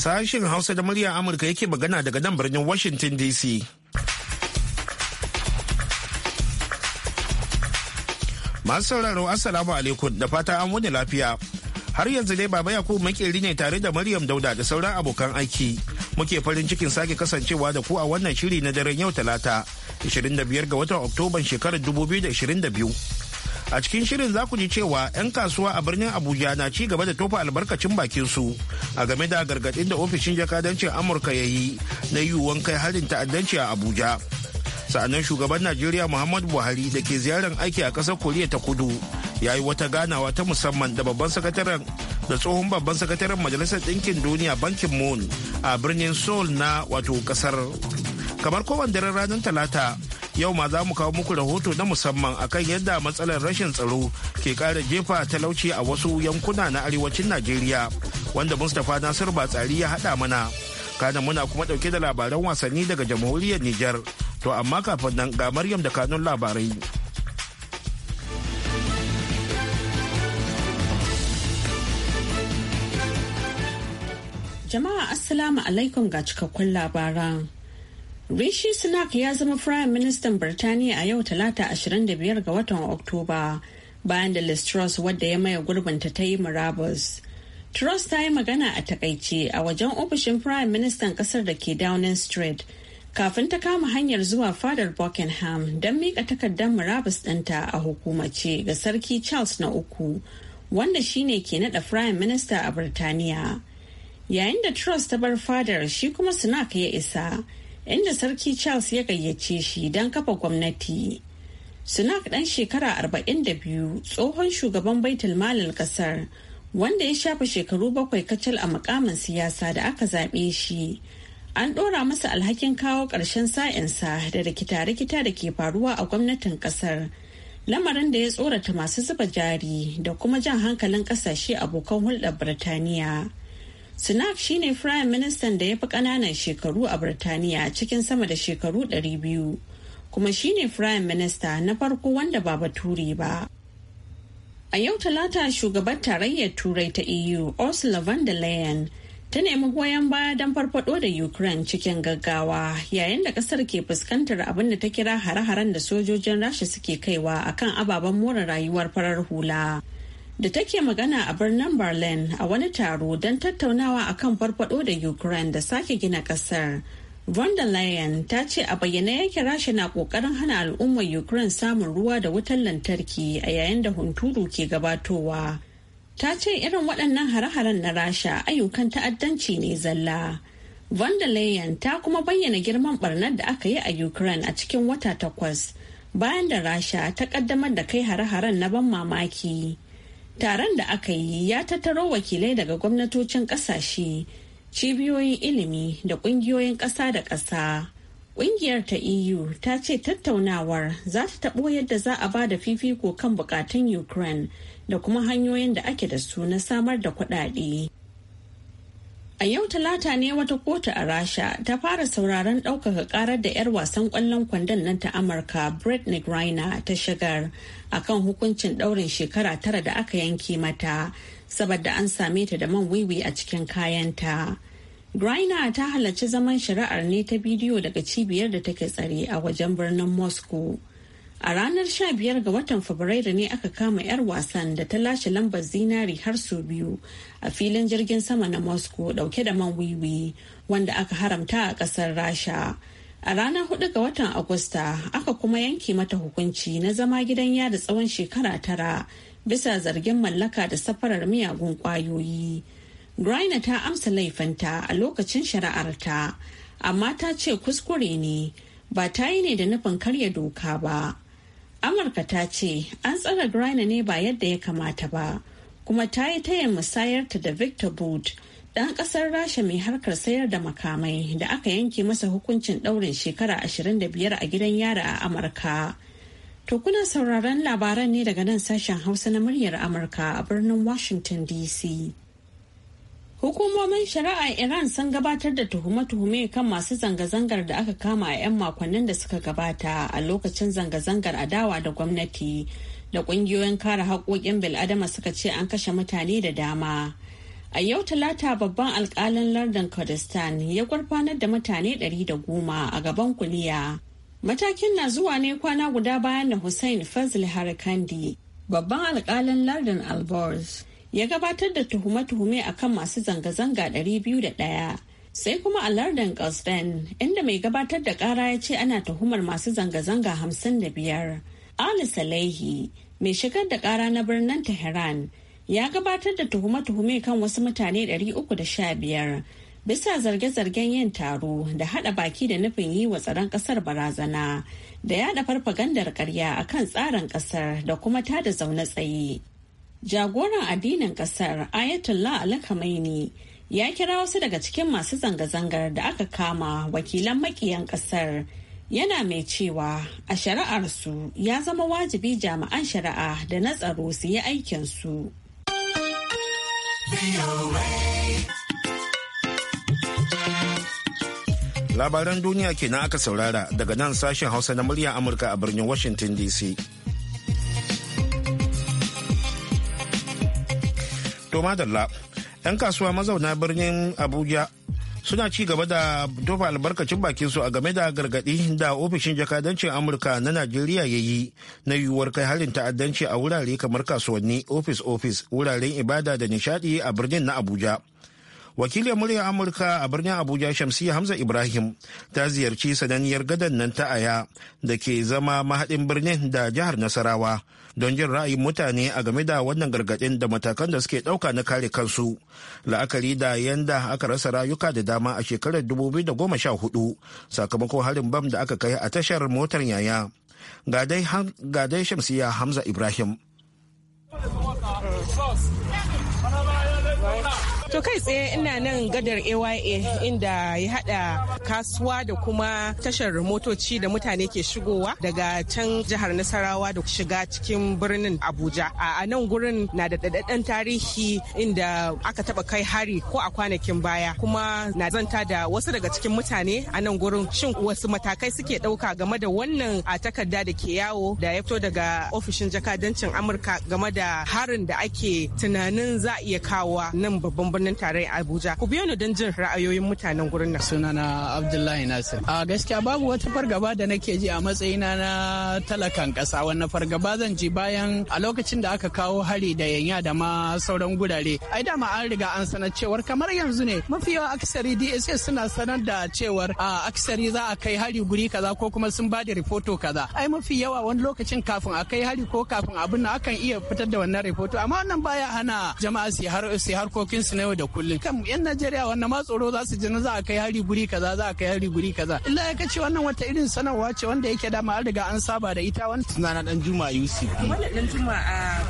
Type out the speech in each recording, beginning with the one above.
Sashen Hausa da murya Amurka yake magana daga nan birnin Washington DC. Masu sauraro Assalamu alaikum da fata an wuni lafiya. Har yanzu dai Baba Yakubu makeri ne tare da Maryam Dauda da sauran abokan aiki. Muke farin cikin sake kasancewa da ku a wannan shiri na daren yau Talata, 25 ga watan Oktoban shekarar 2022. a cikin shirin za ku ji cewa 'yan kasuwa a birnin abuja na ci gaba da tofa albarkacin bakin su a game da gargaɗin da ofishin jakadancin amurka ya yi na yiwuwan kai harin ta'addanci a abuja sa'annan shugaban najeriya muhammadu buhari da ke ziyarar aiki a ƙasar koriya ta kudu ya yi wata ganawa ta musamman da babban sakataren da tsohon babban sakataren majalisar ɗinkin duniya bankin moon a birnin seoul na wato ƙasar kamar kowanne daren ranar talata yau ma za mu kawo muku rahoto na musamman akan yadda matsalar rashin tsaro ke ƙara jefa talauci a wasu yankuna na arewacin najeriya wanda mustapha nasir batsari ya hada mana kana muna kuma ɗauke da labaran wasanni daga jamhuriyar niger to amma kafin nan ga maryam da kanun labarai jama'a assalamu alaikum ga cikakkun labaran Rishi Sunak ya zama Prime Ministan Birtaniya a yau Talata 25 ga watan Oktoba bayan da Liz Truss wadda ya maye gurbinta ta yi murabus. Truss ta yi magana a takaice a wajen ofishin Prime Ministan kasar da ke Downing Street kafin ta kama hanyar zuwa fadar Buckingham don miƙa takardar murabus ɗinta a hukumace ga Sarki Charles na uku wanda shine ke naɗa prime minister a Birtaniya. Yayin da Truss ta bar fadar shi kuma Sunak ya isa. inda sarki charles ya gayyace shi don kafa gwamnati sunak ɗan shekara 42 tsohon shugaban baitul malin ƙasar wanda ya shafa shekaru bakwai kacal a mukamin siyasa da aka zaɓe shi an ɗora masa alhakin kawo ƙarshen sa'insa da rikita-rikita da ke faruwa a gwamnatin ƙasar lamarin da ya tsorata masu zuba jari da kuma jan hankalin ƙasashe abokan hulɗar birtaniya Sunak shine firayim ministan da ya fi ƙananan shekaru a Birtaniya cikin sama da shekaru 200, kuma shine firayim minista na farko wanda ba bature ba. A yau talata shugabar tarayyar turai ta EU Ursula von der Leyen ta nemi goyon baya don farfado da Ukraine cikin gaggawa yayin da kasar ke fuskantar abin da ta kira hare-haren da sojojin rasha suke kaiwa akan ababen more rayuwar farar hula. da take magana a birnin Berlin a wani taro don tattaunawa akan farfado da Ukraine da sake gina kasar. Von der Leyen ta ce a bayyane yake rasha na kokarin hana al'ummar Ukraine samun ruwa da wutar lantarki a yayin da hunturu ke gabatowa. Ta ce irin waɗannan hare-haren na rasha ayyukan ta'addanci ne zalla. Von der Leyen ta kuma bayyana girman barnar da aka yi a Ukraine a cikin wata takwas bayan da rasha ta ƙaddamar da kai hare-haren na ban mamaki. Taron da aka yi ya tattaro wakilai daga gwamnatocin kasashe, cibiyoyin ilimi da ƙungiyoyin ƙasa da ƙasa. Ƙungiyar ta EU ta ce tattaunawar za ta taɓo yadda za a ba da fifiko kan buƙatun Ukraine da kuma hanyoyin da ake da su na samar da kuɗaɗe A yau talata ne wata kotu a Rasha ta fara sauraron ɗaukaka ƙarar da 'yar wasan ƙwallon kwandon nan ta Amurka Brittany Griner ta shigar a kan hukuncin ɗaurin shekara tara da aka yanke mata saboda an same ta da man wiwi a cikin kayanta. Griner ta halarci zaman shari'ar ne ta bidiyo daga cibiyar da take tsare a wajen birnin Moscow. A ranar sha-biyar ga watan Fabrairu ne aka kama 'yar wasan da ta lashe lambar zinari har sau biyu a filin jirgin sama na Moscow dauke da man wiwi wanda aka haramta a ƙasar Rasha. A ranar 4 ga watan Agusta aka kuma yanke mata hukunci na zama gidan yada tsawon shekara tara bisa zargin mallaka da safarar miyagun kwayoyi. Graina ta amsa laifinta a lokacin shari'arta, amma ta ce kuskure ne. ba ta yi ne da nufin karya doka ba. amurka ta ce an tsare griner ne ba yadda ya kamata ba kuma ta yi tayin musayarta da victor boot ɗan ƙasar rasha mai harkar sayar da makamai da aka yanke masa hukuncin ɗaurin shekara 25 a gidan yara a amurka to kuna sauraron labaran ne daga nan sashen hausa na muryar amurka a birnin washington dc Hukumomin shari'a Iran sun gabatar da tuhume-tuhume kan masu zanga-zangar da aka kama a 'yan makonnin da suka gabata a lokacin zanga-zangar adawa da gwamnati da kungiyoyin kare haƙoƙin bil'adama suka ce an kashe mutane da dama. A yau talata babban alkalin lardin Kurdistan ya gurfanar da mutane ɗari da goma a gaban kuliya. Matakin na zuwa ne kwana guda bayan da Hussein Fazl Harkandi, babban alkalin lardin Alborz ya gabatar da tuhume-tuhume a kan masu zanga-zanga 201 sai kuma a lardin Galsden inda mai gabatar da kara ya ce ana tuhumar masu zanga-zanga 55 ali salehi mai shigar da kara na birnin tehran ya gabatar da tuhume-tuhume kan wasu mutane 315 bisa zarge-zargen yin taro da hada baki da nufin yi wa tsaron kasar barazana da yada farfagandar karya kan tsarin kasar da kuma tada zaune tsaye Jagoran addinin kasar Ayatollah Ali ya kira wasu daga cikin masu zanga-zangar da aka kama wakilan makiyan kasar yana mai cewa a shari'arsu ya zama wajibi jami'an shari'a da na tsaro su yi aikinsu. Labaran duniya kenan aka saurara daga nan sashen Hausa na murya Amurka a birnin Washington DC. To madalla, 'yan kasuwa mazauna birnin Abuja suna ci gaba da dofa albarkacin su a game da gargaɗi da ofishin jakadancin amurka na najeriya ya yi na yiwuwar kai harin ta'addanci a wurare kamar kasuwanni ofis-ofis wuraren ibada da nishadi a birnin na abuja wakilin muryar amurka a birnin abuja shamsiyya hamza ibrahim ta ziyarci sananniyar gadon nan ta aya da ke zama mahaɗin birnin da jihar nasarawa don jin ra'ayin mutane a game da wannan gargadin da matakan da suke dauka na kare kansu la'akari da yanda aka rasa rayuka da dama a shekarar 2014 sakamakon harin bam da aka kai a tashar motar yaya ga dai shamsiya hamza ibrahim To kai tsaye ina nan gadar AYA inda ya hada kasuwa da kuma tashar motoci da mutane ke shigowa daga can jihar Nasarawa da shiga cikin birnin Abuja. A nan gurin na da daɗaɗɗen tarihi inda aka taba kai hari ko a kwanakin baya kuma na zanta da wasu daga cikin mutane a nan gurin shin wasu matakai suke ɗauka game da wannan a takarda da ke yawo da ya fito daga ofishin jakadancin Amurka game da harin da ake tunanin za a iya kawo nan babban birnin tarayya Abuja. Ku biyo ni don jin ra'ayoyin mutanen gurin nan. Sunana Abdullahi Nasir. A gaskiya babu wata fargaba da nake ji a matsayina na talakan kasa. wannan fargaba zan ji bayan a lokacin da aka kawo hari da yanya da ma sauran gurare. Ai dama an riga an sanar cewar kamar yanzu ne mafi yawa aksari DSS suna sanar da cewar a aksari za a kai hari guri kaza ko kuma sun ba da rifoto kaza. Ai mafi yawa wani lokacin kafin a kai hari ko kafin abin akan iya fitar da wannan rifoto amma wannan baya hana jama'a su su na yau da kullum kan yan najeriya wannan ma tsoro za su ji na za a kai hari guri kaza za a kai hari guri kaza illa ya kace wannan wata irin sanarwa ce wanda yake dama ma riga an saba da ita wani tunana dan juma yusi wannan dan juma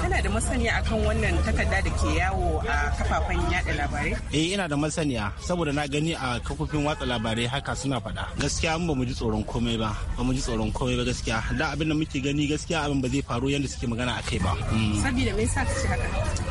kana da masaniya akan wannan takarda da ke yawo a kafafen yada labarai eh ina da masaniya saboda na gani a kafofin watsa labarai haka suna faɗa gaskiya mun ba mu ji tsoron komai ba ba mu ji tsoron komai ba gaskiya da abin da muke gani gaskiya abin ba zai faru yadda suke magana a kai ba mm. saboda me yasa kace haka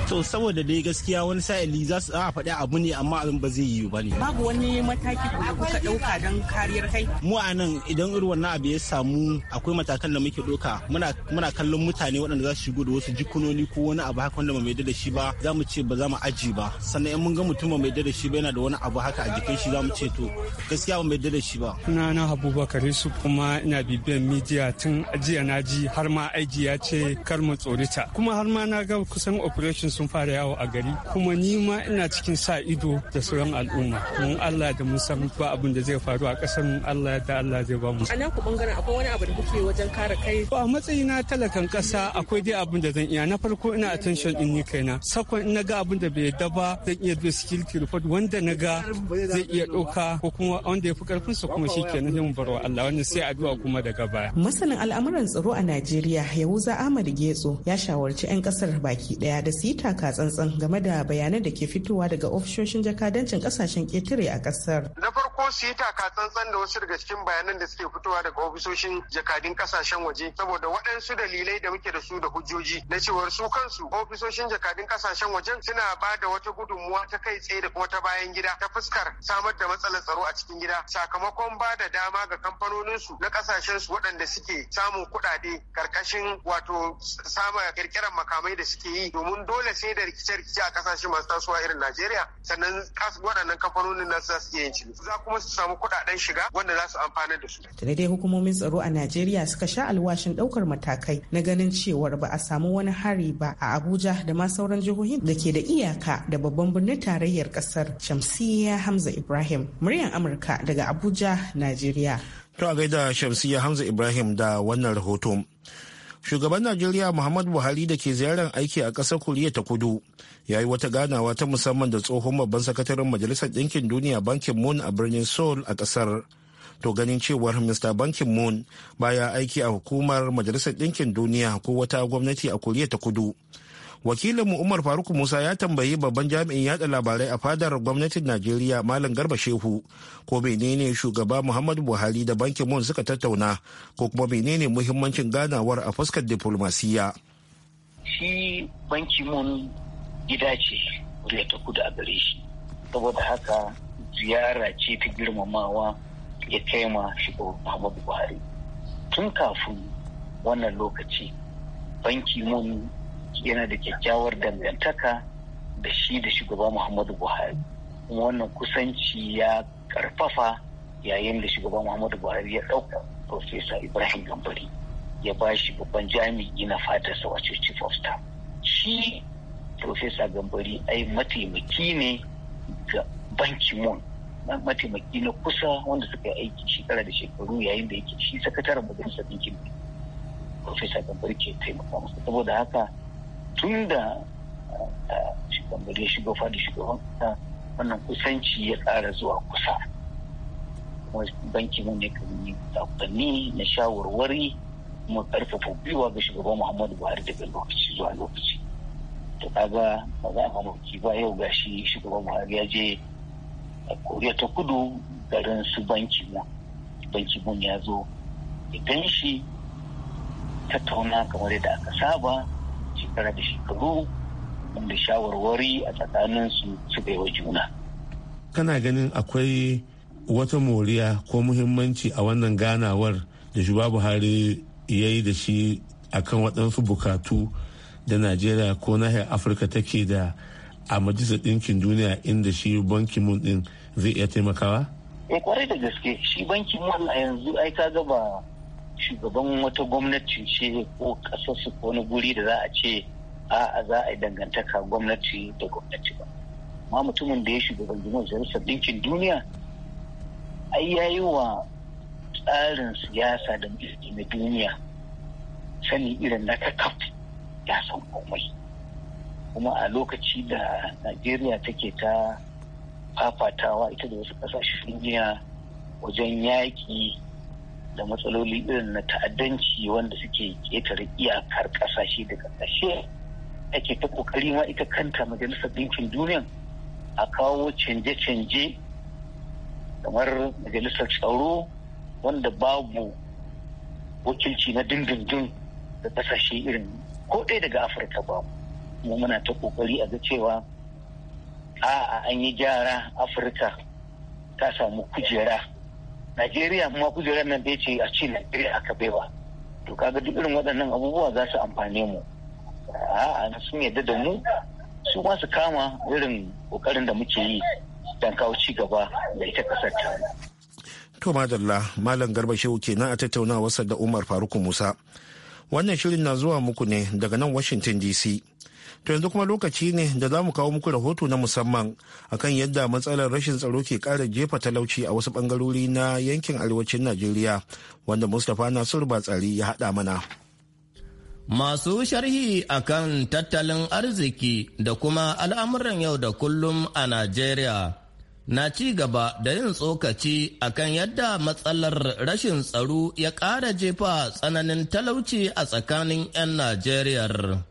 to saboda dai gaskiya wani sa'ili za su za a faɗi abu ne amma abin ba zai yi ba ne. Babu wani mataki da kuka ɗauka don kariyar kai? Mu a nan idan irin wannan abu ya samu akwai matakan da muke ɗauka muna kallon mutane waɗanda za su shigo da wasu jikunoni ko wani abu haka wanda ba mai da shi ba za mu ce ba za mu aji ba sannan in mun ga mutum ba mai da shi ba yana da wani abu haka a jikin shi za mu ce to gaskiya ba mai da shi ba. Na na Abubakar Yusuf kuma ina bibiyan midiya tun jiya na ji har ma aiki ya ce kar mu tsorita kuma har ma na ga kusan operation sun fara yawo a gari kuma ni ma ina cikin sa ido da sauran al'umma mun Allah da mun san ba abin da zai faru a ƙasar mun Allah da Allah zai ba mu a nan ku bangaren akwai wani abu da kuke wajen kare kai a na talakan ƙasa akwai dai abin da zan iya na farko ina attention din ni kaina sakon ina ga abin da bai daba ba zan iya do security report wanda na ga zai iya ɗauka ko kuma wanda ya fi karfin sa kuma shikenan zai mu bar wa Allah wannan sai addu'a kuma daga baya masanin al'amuran tsaro a Najeriya Yahuza Ahmad Getso ya shawarci 'yan kasar baki daya da su yi taka tsantsan game da bayanan da ke fito fitowa daga ofishoshin jakadancin kasashen ketare a ƙasar. Na farko su yi taka tsantsan da wasu daga cikin bayanan da suke fitowa daga ofisoshin jakadin kasashen waje saboda waɗansu dalilai da muke da su da hujjoji na cewar su kansu ofisoshin jakadin kasashen wajen suna ba da wata gudunmuwa ta kai tsaye da kuma ta bayan gida ta fuskar samar da matsalar tsaro a cikin gida sakamakon ba da dama ga kamfanoninsu na kasashensu waɗanda suke samun kuɗaɗe karkashin wato sama kirkiran makamai da suke yi domin dole sai da rikice-rikice a kasashe masu tasowa irin Najeriya sannan waɗannan kamfanonin na za su iya yin ciniki za kuma su samu kuɗaɗen shiga wanda za su amfana da su. Tare dai hukumomin tsaro a Najeriya suka sha alwashin ɗaukar matakai na ganin cewar ba a samu wani hari ba a Abuja da ma sauran jihohin da ke da iyaka da babban birnin tarayyar ƙasar Shamsiyya Hamza Ibrahim muryar Amurka daga Abuja, Najeriya. To a gaida Shamsiyya Hamza Ibrahim da wannan rahoton. shugaban najeriya muhammad buhari da ke ziyarar aiki a ƙasar koriya ta kudu ya yi wata ganawa ta musamman da tsohon babban sakataren majalisar ɗinkin duniya bankin moon a birnin seoul a ƙasar to ganin cewar mr bankin moon baya aiki a hukumar majalisar ɗinkin duniya ko wata gwamnati a koriya ta kudu wakilinmu umar faruk musa ya tambayi babban jami'in yada labarai a fadar gwamnatin najeriya malam garba shehu ko menene shugaba muhammadu buhari da bankin mun suka tattauna ko kuma menene muhimmancin ganawar a fuskar diplomasiya shi banki mun gida ce da ta kudu a gare shi saboda haka ziyara ce ta girmamawa ya taima shigo muhammadu buhari tun kafin wannan lokaci banki mun yana da kyakkyawar dangantaka da shi da shugaba muhammadu buhari kuma wannan kusanci ya karfafa yayin da shugaba muhammadu buhari ya ɗauka profesa ibrahim gambari ya ba shi babban jami'i na sa wace chief of staff shi profesa gambari ai mataimaki ne ga banki moon mataimaki na kusa wanda suka yi aiki shekara da shekaru yayin da yake shi sakataren majalisar ɗinkin profesa gambari ke taimaka masa saboda haka Tunda eh, da shugaban shiga fadi shugaban wannan kusanci ya ƙara zuwa kusa kuma banki ne kan da na shawarwari kuma ƙarfafa gwiwa ga shugaban muhammadu buhari daga lokaci zuwa lokaci to kaga ba za a mamaki ba yau gashi shugaban buhari ya je koriya ta kudu garin su banki mu banki mu ya zo idan shi tattauna kamar yadda aka saba shekara da shekaru da shawarwari a tsakanin su su wa juna. Kana ganin akwai wata moriya ko muhimmanci a wannan ganawar da shugaba Buhari ya yi da shi akan waɗansu bukatu da Najeriya ko nahiyar Afirka take da a majalisar ɗinkin duniya inda shi banki mun ɗin zai iya taimakawa? E kwarai da gaske shi banki mun a yanzu ai ka gaba shugaban wata gwamnati ce ko su ko wani guri da za a ce a'a za a yi dangantaka gwamnati da gwamnati ba ma mutumin da ya shugabanci majalisar ɗinkin duniya ai ya yi wa tsarin siyasa da mulki na duniya sani irin na kakaf ya san komai kuma a lokaci da najeriya take ta fafatawa ita da wasu ƙasashen duniya wajen yaƙi da matsaloli irin na ta'addanci wanda suke ƙetare iyakar ƙasashe da ƙasashe ake ta ƙoƙari ma ita kanta majalisar ɗinkin duniya a kawo canje-canje kamar majalisar tsaro wanda babu wakilci na dindindin da ƙasashe irin ko ɗaya daga afirka ba mu muna ta ƙoƙari a ga cewa a'a an yi gyara afirka ta samu kujera najeriya kuma kujerar nan bai ce a ce najeriya aka baiwa to ga duk irin waɗannan abubuwa za su amfane mu a'a sun yadda da mu su ma su kama irin ƙoƙarin da muke yi don kawo ci gaba da ita ƙasar ta to madalla malam garba shehu kenan a tattaunawarsa da umar faruk musa wannan shirin na zuwa muku ne daga nan washington dc To yanzu kuma lokaci ne da za mu kawo muku rahoto na musamman akan yadda matsalar rashin tsaro ke ƙara jefa talauci a wasu ɓangarori na yankin arewacin Najeriya wanda Mustapha Nasiru Batsari ya haɗa mana. Masu sharhi akan tattalin arziki da kuma al'amuran yau da kullum a Najeriya na ci gaba da yin tsokaci akan yadda matsalar rashin tsaro ya ƙara jefa tsananin talauci a tsakanin 'yan Najeriyar.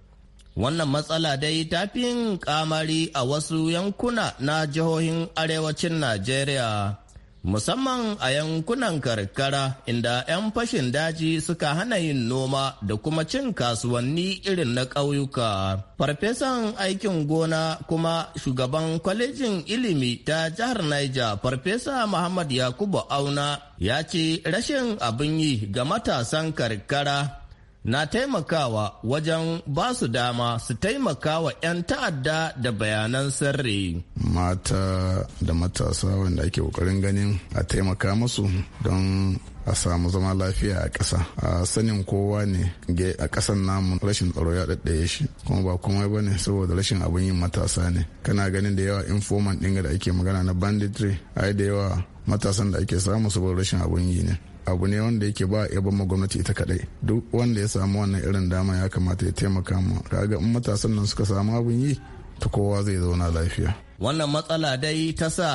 Wannan matsala dai ta fi yin kamari a wasu yankuna na jihohin arewacin Najeriya, musamman a yankunan karkara inda 'yan fashin daji suka hana yin noma da kuma cin kasuwanni irin na ƙauyuka. Farfesan aikin gona kuma shugaban kwalejin ilimi ta jihar Niger, Farfesa Muhammad Yakubu Auna ya ce rashin abin yi ga matasan karkara na taimakawa wajen ba su dama su taimaka wa 'yan ta'adda da bayanan sirri. Mata da matasa wanda ake kokarin ganin a taimaka musu don a samu zama lafiya a ƙasa a sanin kowa ne a ƙasan namu rashin tsaro ya daddaye shi kuma ba kuma ba ne saboda rashin abin yin matasa ne kana ganin da yawa informant ɗin da ake magana na banditry ai da yawa matasan da ake samu saboda rashin abin yi ne abu ne wanda yake ba a ma gwamnati ita kadai duk wanda ya samu wannan irin dama ya kamata ya taimaka mu kaga in matasan nan suka samu abin yi ta kowa zai zauna lafiya wannan matsala dai ta sa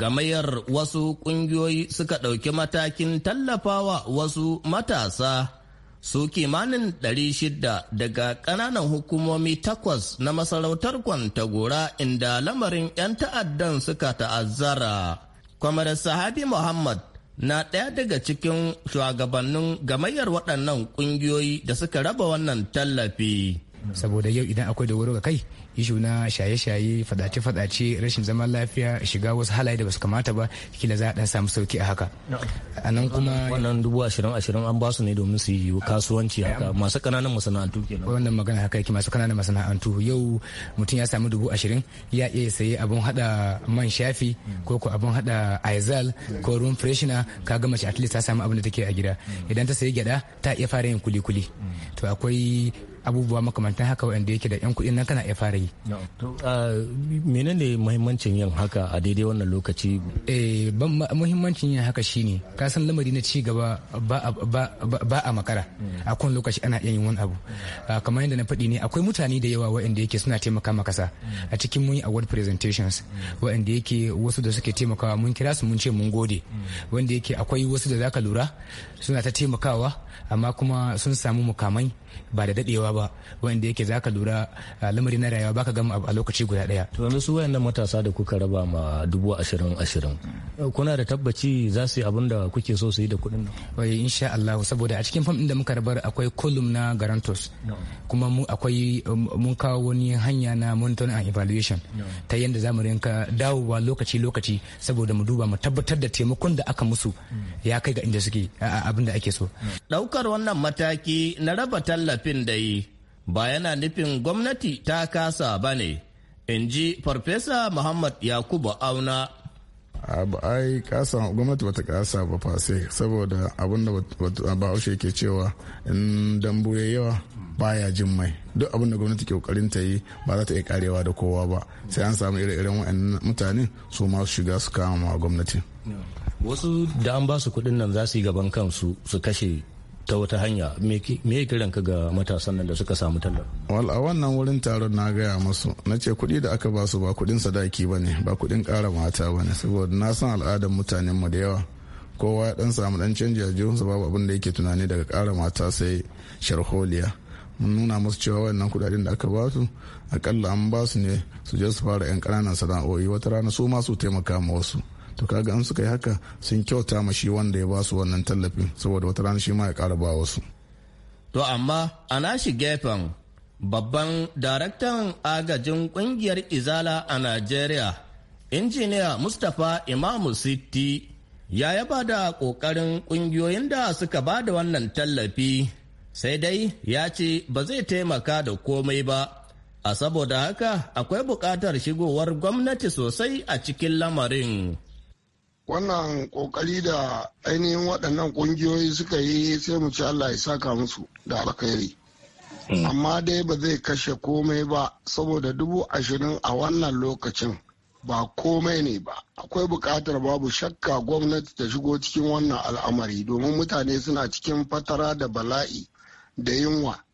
gamayar wasu kungiyoyi suka ɗauki matakin tallafawa wasu matasa su kimanin 600 daga kananan hukumomi takwas na masarautar kwantagora inda lamarin 'yan ta'addan suka ta'azzara kwamar sahabi muhammad na ɗaya daga cikin shugabannin gamayyar waɗannan ƙungiyoyi da suka raba wannan tallafi. saboda yau idan akwai dogaro ga kai ishu na shaye-shaye fadace-fadace rashin zaman lafiya shiga wasu halaye da basu kamata ba kila za a dan samu sauki a haka a nan kuma wannan dubu ashirin ashirin an basu ne domin su yi kasuwanci haka masu kananan masana'antu kenan wannan magana haka yake masu kananan masana'antu yau mutum ya samu dubu ashirin ya iya sayi abun hada man shafi ko ko abun hada aizal ko ruwan freshina ka ga mace at least ta samu abin da take a gida idan ta sayi gyada ta iya fara yin kuli-kuli to akwai abubuwa makamantan haka wanda yake da yan kuɗin nan kana iya fara yi. menene muhimmancin yin haka a daidai wannan lokaci? Eh, muhimmancin yin haka shine ka san lamari na ci gaba ba a makara mm. a kun lokaci ana iya yin wani abu kamar yadda na faɗi ne akwai mutane da yawa waɗanda yake suna taimaka maka sa mm. a cikin mun yi award presentations mm. waɗanda yake wasu da suke taimakawa mun kira su mun ce mun gode wanda yake akwai wasu da zaka lura suna ta taimakawa amma kuma sun samu mukamai ba da daɗewa rayuwa ba wanda yake za ka lura lamari na rayuwa baka gama a lokaci guda daya to yanzu su wayannan matasa da kuka raba ma dubu ashirin ashirin kuna da tabbaci za su yi abin da kuke so su yi da kuɗin nan wai insha Allah saboda a cikin fam din da muka rabar akwai kolum na garantos kuma mu akwai um, mun kawo wani hanya na monitoring and evaluation ta yadda za mu rinka dawowa lokaci lokaci saboda mu duba mu tabbatar da taimakon da aka musu mm. ya kai ga inda suke abin da ake so ɗaukar wannan mataki na raba tallafin da yi ba yana nufin gwamnati ta kasa ba ne in ji farfesa muhammad yakubu auna abu ai kasa gwamnati bata kasa ba fase saboda abin da bahaushe ke cewa in dambu ya yawa baya jin mai duk abin da gwamnati ke kokarin ta yi ba za ta iya karewa da kowa ba sai an samu ire-iren wa'annan mutane su ma su shiga su kama gwamnati wasu da an ba su kuɗin nan za su yi gaban kansu su kashe ta wata hanya me kiran ka ga matasan nan da suka samu tallar a wannan wurin taron na gaya masu na ce kuɗi da aka ba su ba kuɗin sadaki ba ne ba kuɗin ƙara mata ba ne saboda na san al'adar mutanenmu da yawa kowa ya dan samu ɗan canji a jihunsa babu abin da yake tunani daga ƙara mata sai sharholiya mun nuna masu cewa wannan kuɗaɗen da aka ba su akalla an ba su ne su je su fara yan ƙananan sana'o'i wata rana su ma su taimaka ma wasu to kaga an suka yi haka sun kyauta ma shi wanda ya ba su wannan tallafin saboda wata rana shi ma ya ƙara ba wasu to amma a nashi gefen babban daraktan agajin kungiyar izala a najeriya injiniya mustapha imamu sitti ya yaba da ƙoƙarin ƙungiyoyin da suka ba da wannan tallafi sai dai ya ce ba zai taimaka da komai ba a saboda haka akwai buƙatar shigowar gwamnati sosai a cikin lamarin wannan kokari da ainihin waɗannan ƙungiyoyi suka yi sai mu ci Allah ya saka musu da alkhairi hmm. amma dai ba zai kashe komai ba saboda dubu ashirin a wannan lokacin ba komai ne ba akwai buƙatar babu shakka gwamnati ta shigo cikin wannan al'amari domin mutane suna cikin fatara da bala'i da yunwa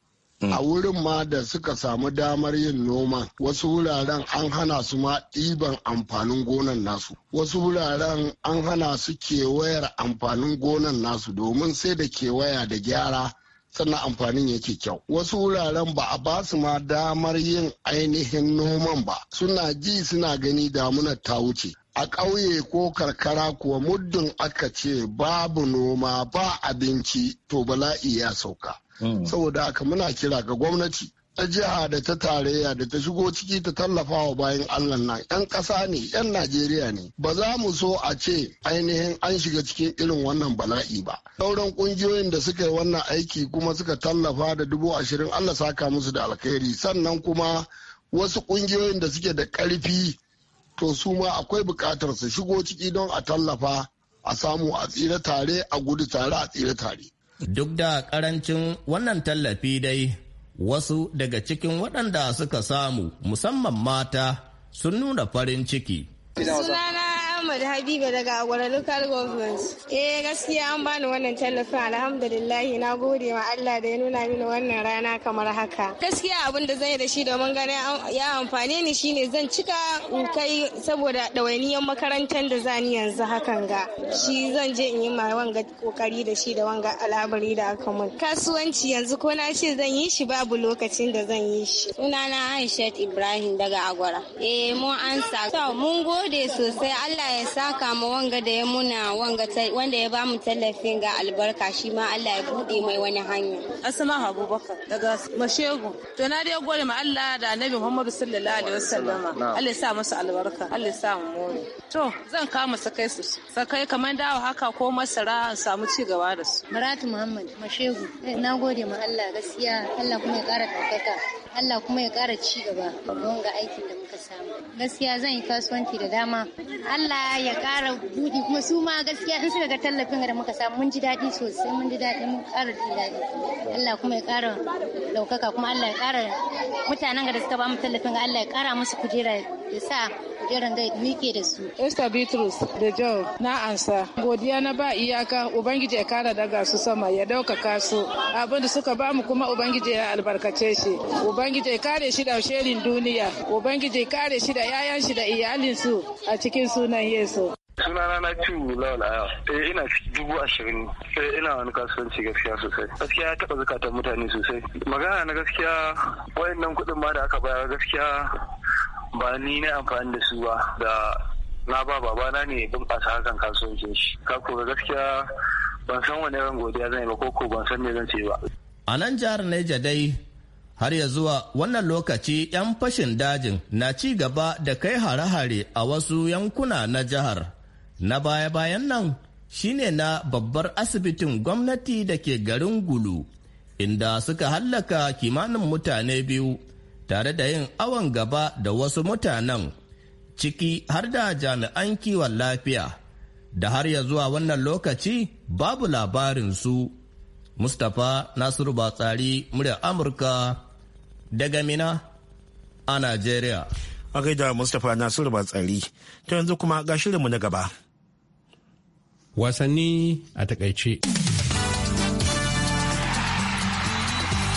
Mm. a wurin ma da suka samu damar yin noma wasu wuraren an hana su ma ɗiban amfanin gonan nasu wasu wuraren an hana su kewayar amfanin gonan nasu domin sai da kewaya da gyara sannan amfanin yake kyau wasu wuraren ba a ba su ma damar yin ainihin noman ba suna ji suna gani damunar ta wuce a ƙauye ko karkara kuwa muddin aka ce babu noma ba abinci to bala'i ya sauka Mm. saboda haka muna kira ga gwamnati ta jiha da ta tarayya da ta shigo ciki ta tallafa wa bayan allah nan yan kasa ne yan najeriya ne ba za mu so a ce ainihin an shiga cikin irin wannan bala'i ba sauran ƙungiyoyin da suka yi wannan aiki kuma suka tallafa da dubu ashirin allah saka musu da alkhairi sannan kuma wasu ƙungiyoyin da suke da karfi to su ma akwai bukatar su shigo ciki don a tallafa a samu a tsira tare a gudu tare a tsira tare Duk da karancin wannan tallafi dai, wasu daga cikin waɗanda suka samu musamman mata sun nuna farin ciki. Sunana Muhammad Habiba daga Agwara Local Government. Eh gaskiya an bani wannan tallafin alhamdulillah na gode wa Allah da ya nuna mini wannan rana kamar haka. Gaskiya abin da zan yi da shi domin ganin ya amfane ni shine zan cika in kai saboda ɗawainiyar makarantar da zani yanzu hakan ga. Shi zan je in yi ma wanga kokari da shi da wanga al'abari da aka mun. Kasuwanci yanzu ko na ce zan yi shi babu lokacin da zan yi shi. Sunana Aishat Ibrahim daga Agwara. Eh mu an sa. mun gode sosai Allah Allah ya saka ma wanga da ya muna wanga wanda ya bamu tallafin ga albarka shi ma Allah ya bude mai wani hanya. asma Abubakar daga Mashegu. To na dai gode ma Allah da Annabi Muhammadu sallallahu alaihi wasallama. Allah ya sa musu albarka. Allah ya sa mu more. To zan kama sakai su. Sakai kamar dawa haka ko masara an samu ci gaba da su. Maratu Muhammad Mashegu. Eh, na gode ma Allah gaskiya Allah kuma ya kara ɗaukaka. Allah kuma ya kara ci gaba ga aikin da muka samu. Gaskiya zan yi kasuwanci da dama. Allah ya kara buɗi kuma su ma gaskiya in suka ga tallafin da muka samu mun ji daɗi sosai mun ji daɗi mun ƙara jin daɗi Allah kuma ya ƙara ɗaukaka kuma Allah ya ƙara mutanen da suka ba mu tallafin Allah ya ƙara musu kujera ya sa kujeran da ke da su. Esther Bitrus da Joe na ansa. Godiya na ba iyaka Ubangiji ya kara daga su sama ya ɗaukaka su. Abin da suka ba mu kuma Ubangiji ya albarkace shi. Ubangiji ya kare shi da sherin duniya. Ubangiji ya kare shi da 'ya'yan shi da iyalinsu a cikin sunan Yesu. sunana na ciwo lawal aya eh, ina dubu ashirin eh, ina wani kasuwanci gaskiya sosai gaskiya ya taɓa zukatan mutane sosai magana na gaskiya wayannan kuɗin ma da aka bayar gaskiya ba ni na amfani da su ba da na ba babana ne bunƙasa hakan kasuwancin shi ka kura gaskiya ban san wani ran godiya zan yi ba ko ban san me zan ce ba a nan jihar Neja dai har ya zuwa wannan lokaci 'yan fashin dajin na ci gaba da kai hare-hare a wasu yankuna na jihar na baya-bayan nan shine na babbar asibitin gwamnati da ke garin gulu inda suka hallaka kimanin mutane biyu tare da yin awon gaba da wasu mutanen ciki har da jami'an kiwon lafiya da har ya zuwa wannan lokaci babu labarin su. Mustapha Nasiru Batsari murya Amurka daga Mina a Najeriya. A da Mustapha Nasiru Batsari, ta yanzu kuma ga shirinmu na gaba. Wasanni a takaice.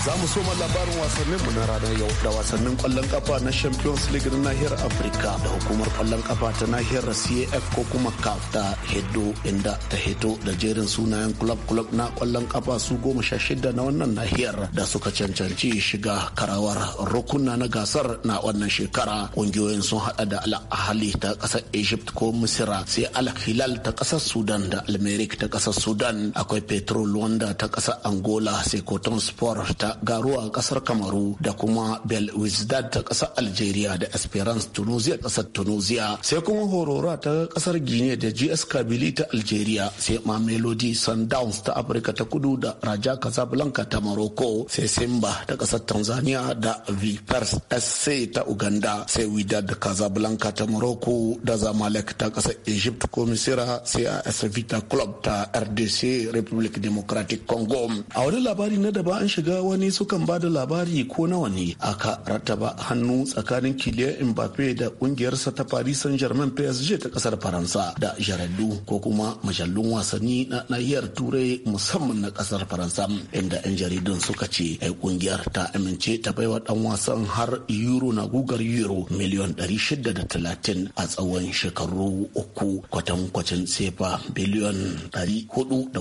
Za mu soma labarin wasannin mu na ranar yau da wasannin kwallon kafa na Champions League na nahiyar Afirka da hukumar kwallon kafa ta nahiyar CAF ko kuma CAF ta Hedo inda ta Hedo da jerin sunayen club club na kwallon kafa su goma sha shida na wannan nahiyar da suka cancanci shiga karawar rukunna na gasar na wannan shekara. Kungiyoyin sun hada da Al ta kasar Egypt ko Misira sai Al Hilal ta kasar Sudan da Al ta kasar Sudan akwai Petrol wanda ta kasar Angola sai Cotton Sport ta Garuwa garo a kasar kamaru da kuma belwizdad ta kasar algeria da esperance tunisia kasar tunisia sai kuma horora ta kasar guinea da gs kabili ta algeria sai melody sundowns ta afirka ta kudu da raja casablanca ta morocco sai simba ta kasar tanzania da vipers sc ta uganda sai kaza casablanca ta morocco da zamalek ta kasar egypt ko misira sai as vita club ta rdc republic democratic congo a wani labari na daba an shiga wani rahotanni sukan ba da labari ko nawa ne aka rattaba hannu tsakanin Kylian Mbappe da kungiyarsa ta Paris Saint-Germain PSG ta kasar Faransa da jaradu ko kuma majallun wasanni na nahiyar Turai musamman na kasar Faransa inda 'yan jaridun suka ce ai kungiyar ta amince ta baiwa dan wasan har euro na gugar euro miliyan 630 a tsawon shekaru uku kwatankwacin sefa biliyon 416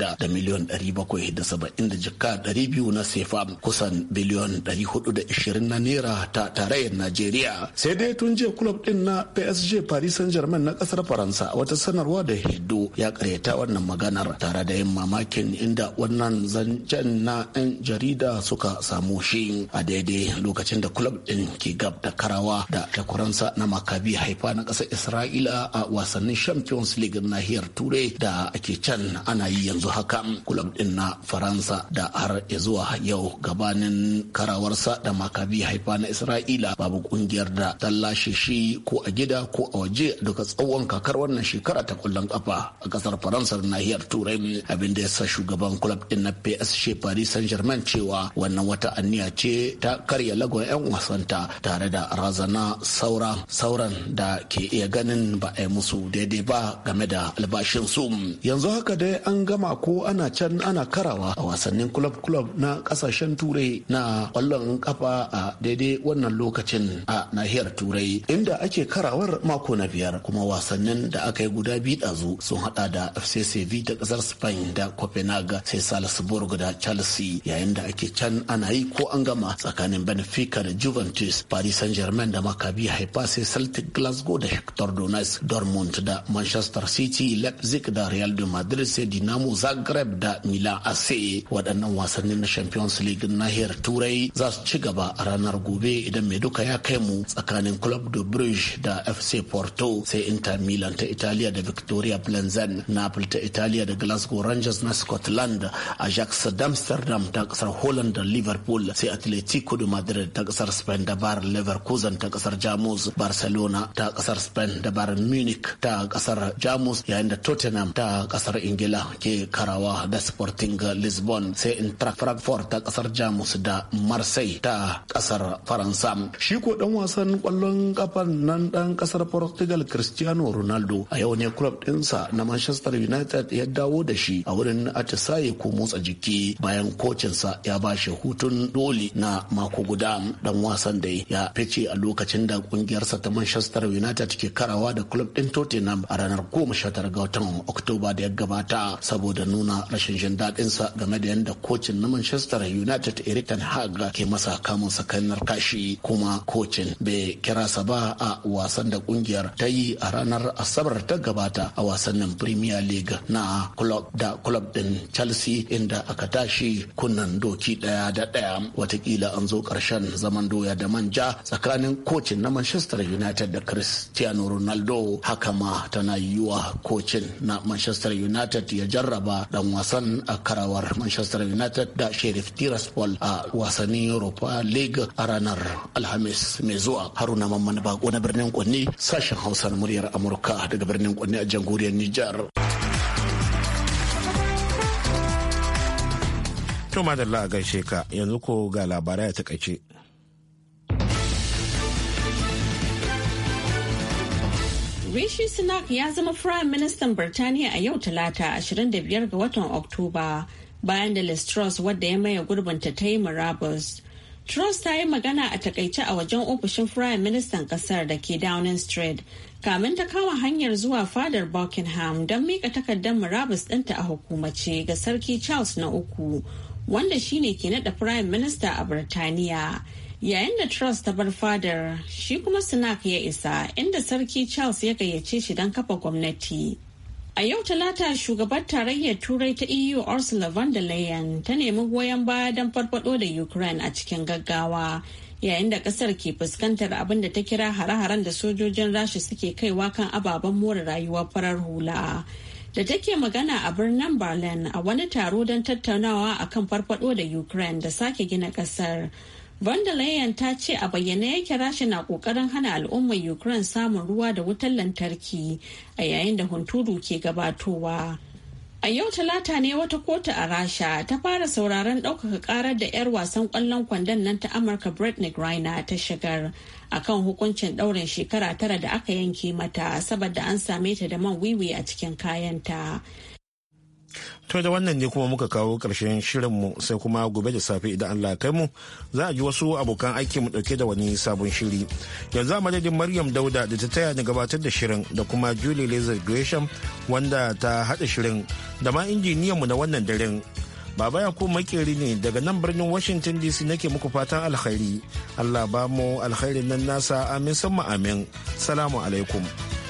da miliyon 770 da jika 200 na na sefam kusan biliyon 420 na naira ta tarayyar najeriya sai dai tun jiya kulob din na psg paris saint germain na kasar faransa wata sanarwa da hiddo ya karyata wannan maganar tare da yin mamakin inda wannan zancen na 'yan jarida suka samu shi a daidai lokacin da kulob din ke gab da karawa da takwaransa na makabi haifa na kasar isra'ila a wasannin champions league nahiyar turai da ake can ana yi yanzu haka kulob din na faransa da har zuwa yau gabanin karawarsa da makabi haifa na isra'ila babu kungiyar da tallashe shi ko a gida ko a waje duka tsawon kakar wannan shekara ta kwallon kafa a kasar faransa nahiyar turai abin da ya sa shugaban club din na psg paris saint germain cewa wannan wata anniya ce ta karya lagon 'yan wasanta tare da razana saura sauran da ke iya ganin ba a yi musu daidai ba game da albashin su yanzu haka dai an gama ko ana can ana karawa a wasannin club club na kasashen turai na kwallon kafa a daidai wannan lokacin a nahiyar turai inda ake karawar mako na biyar kuma wasannin da aka yi guda biyu dazu sun hada da fc ta kasar spain da copenhagen sai salzburg da chelsea yayin da ake can ana yi ko an gama tsakanin benfica da juventus paris saint germain da maccabi haifa sai celtic glasgow da hector donetsk dortmund da manchester city leipzig da real de madrid sai dinamo zagreb da milan ac waɗannan wasannin na champions league nahiyar turai za su ci gaba a ranar gobe idan mai duka ya kai mu tsakanin club de bruges da fc porto sai inter milan ta italiya da victoria blenzen napoli ta italiya da glasgow rangers na scotland ajax amsterdam ta kasar holland da liverpool sai atletico de madrid ta kasar spain da bar leverkusen ta kasar jamus barcelona ta kasar spain da bar munich ta kasar jamus yayin da tottenham ta kasar ingila ke karawa da sporting lisbon sai intra frankfurt frankfurt ta kasar jamus da marseille ta kasar faransa shi ko dan wasan kwallon kafan nan dan kasar portugal cristiano ronaldo a yau ne club dinsa na manchester united ya dawo da shi a wurin atisaye ko motsa jiki bayan kocinsa ya ba shi hutun doli na mako guda dan wasan da ya fice a lokacin da kungiyarsa ta manchester united ke karawa da club din tottenham a ranar 19 ga watan oktoba da ya gabata saboda nuna rashin jin daɗinsa game da yadda kocin na manchester manchester united eric ten hag ke masa kamun sakanar kashi kuma kocin bai kira sa ba a wasan da kungiyar ta yi a ranar asabar ta gabata a wasannin premier league na club da club din chelsea inda aka tashi kunnan doki daya da daya watakila an zo karshen zaman doya da manja tsakanin kocin na manchester united da cristiano ronaldo haka ma tana yiwuwa kocin na manchester united ya jarraba dan wasan a karawar manchester united da she sheriff tiraspol a wasannin europa league a ranar alhamis mai zuwa haruna mamman bako na birnin kwanni sashen hausa na muryar amurka daga birnin kwanni a jamhuriyar nijar To da gaishe ka yanzu ko ga labarai a takaice. Rishi Sunak ya zama Prime Ministan Birtaniya a yau Talata 25 ga watan Oktoba bayan da Les Truss wadda ya maye gurbin ta yi murabus. Truss ta yi magana a takaice a wajen ofishin Firayim Ministan kasar da ke Downing Street kamin ta kama hanyar zuwa fadar Buckingham don mika takardar murabus ɗinta a hukumace ga Sarki Charles na uku wanda shine ke naɗa Firayim Minista a Birtaniya. Yayin da Truss ta bar fadar, shi kuma Sunak ya isa inda Sarki Charles ya gayyace shi don kafa gwamnati. A yau Talata shugabar tarayyar Turai ta EU Ursula von der Leyen ta nemi goyon baya don farfado da Ukraine a cikin gaggawa yayin da kasar ke fuskantar abin da ta kira hare-haren da sojojin Rasha suke kaiwa kan ababen more rayuwar farar hula. Da take magana a birnin Berlin a wani taro don tattaunawa akan farfado da Ukraine da sake gina kasar. Von ta ce a bayyane yake rasha na kokarin hana al'ummar Ukraine samun ruwa da wutar lantarki a yayin da hunturu ke gabatowa. A yau talata ne wata kotu a Rasha ta fara sauraron ɗaukaka ƙarar da 'yar wasan ƙwallon kwandon nan ta Amurka Britney Griner ta shigar a kan hukuncin ɗaurin shekara tara da aka yanke mata saboda an same ta da man wiwi a cikin kayanta. To da wannan ne kuma muka kawo ƙarshen shirinmu sai kuma gobe da safe idan Allah kai mu za a ji wasu abokan aiki mu ɗauke da wani sabon shiri. Yanzu a madadin Maryam Dauda da ta taya ni gabatar da shirin da kuma Julie Lazar Gresham wanda ta haɗa shirin da ma injiniyan mu na wannan daren. Baba ya ko makeri ne daga nan birnin Washington DC nake muku fatan alkhairi. Allah ba mu alkhairin nan nasa amin samma amin. Salamu alaikum.